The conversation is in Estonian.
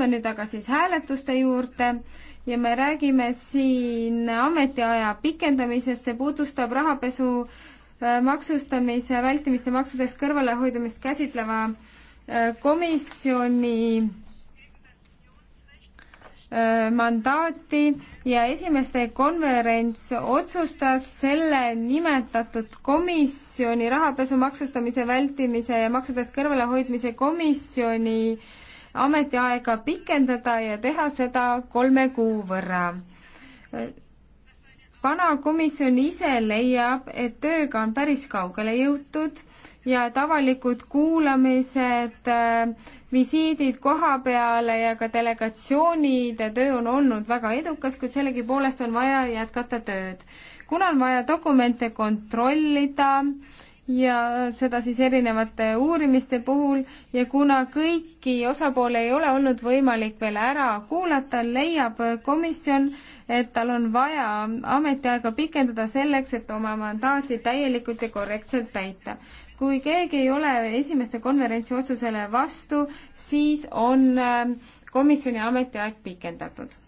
Lähme nüüd aga siis hääletuste juurde ja me räägime siin ametiaja pikendamisest, see puudustab rahapesu äh, maksustamise vältimist ja maksudest kõrvalehoidumist käsitleva äh, komisjoni äh, mandaati ja esimeste konverents otsustas selle nimetatud komisjoni, rahapesu maksustamise vältimise ja maksudest kõrvalehoidmise komisjoni äh, ametiaega pikendada ja teha seda kolme kuu võrra. vana komisjon ise leiab, et tööga on päris kaugele jõutud ja et avalikud kuulamised, visiidid koha peale ja ka delegatsioonide töö on olnud väga edukas, kuid sellegipoolest on vaja jätkata tööd. kuna on vaja dokumente kontrollida ja seda siis erinevate uurimiste puhul ja kuna kõiki osapooli ei ole olnud võimalik veel ära kuulata, leiab komisjon, et tal on vaja ametiaega pikendada selleks, et oma mandaati täielikult ja korrektselt täita. kui keegi ei ole esimeste konverentsi otsusele vastu, siis on äh, komisjoni ametiaeg pikendatud